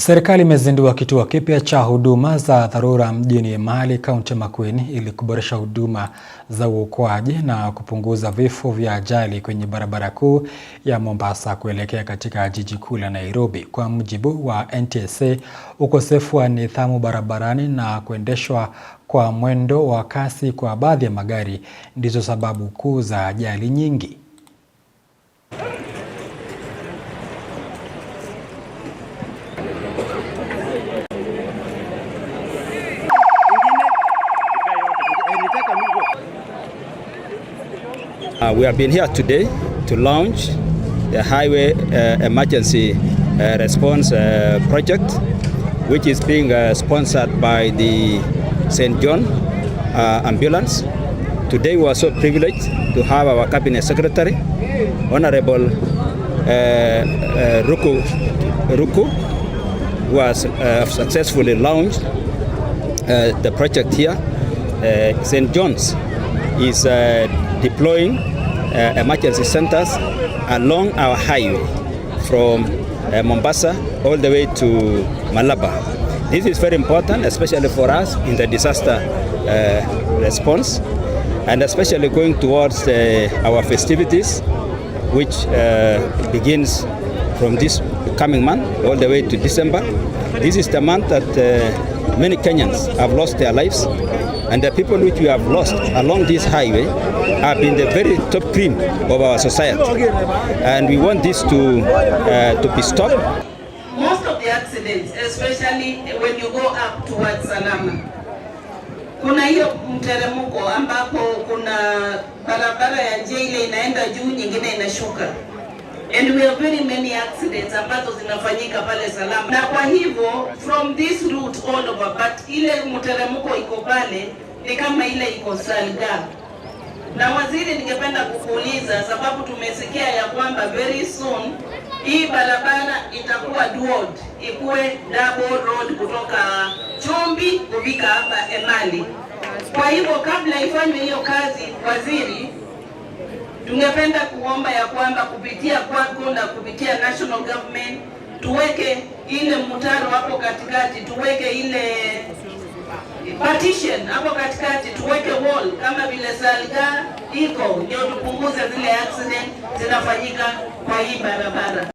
Serikali imezindua kituo kipya cha huduma za dharura mjini Emali, kaunti ya Makueni ili kuboresha huduma za uokoaji na kupunguza vifo vya ajali kwenye barabara kuu ya Mombasa kuelekea katika jiji kuu la Nairobi. Kwa mujibu wa NTSA, ukosefu wa nidhamu barabarani na kuendeshwa kwa mwendo wa kasi kwa baadhi ya magari ndizo sababu kuu za ajali nyingi. Uh, we have been here today to launch the highway uh, emergency uh, response uh, project which is being uh, sponsored by the St. John uh, ambulance. Today we are so privileged to have our cabinet secretary Honorable uh, uh, Ruku, Ruku who has uh, successfully launched uh, the project here. Uh, St. John's is uh, deploying uh, emergency centers along our highway from Mombasa all the way to Malaba. This is very important, especially for us in the disaster uh, response, and especially going towards uh, our festivities, which uh, begins from this coming month all the way to December. This is the month that many Kenyans have lost their lives and the people which we have lost along this highway have been the very top cream of our society and we want this to, uh, to be stopped. Most of the accidents, especially when you go up towards Salama, kuna hiyo mteremko ambapo kuna barabara ya J ile inaenda juu, nyingine inashuka and we have very many accidents ambazo zinafanyika pale Salama, na kwa hivyo from this route all over, but ile mteremko iko pale ni kama ile iko Salga. Na waziri, ningependa kukuuliza sababu tumesikia ya kwamba very soon hii barabara itakuwa dual, ikuwe double road kutoka Chumbi kufika hapa Emali. Kwa hivyo kabla ifanywe hiyo kazi, waziri Tungependa kuomba ya kwamba kupitia kwako na kupitia national government tuweke ile mtaro hapo katikati, tuweke ile partition hapo katikati, tuweke wall kama vile Salga iko, ndio tupunguze zile accident zinafanyika kwa hii barabara.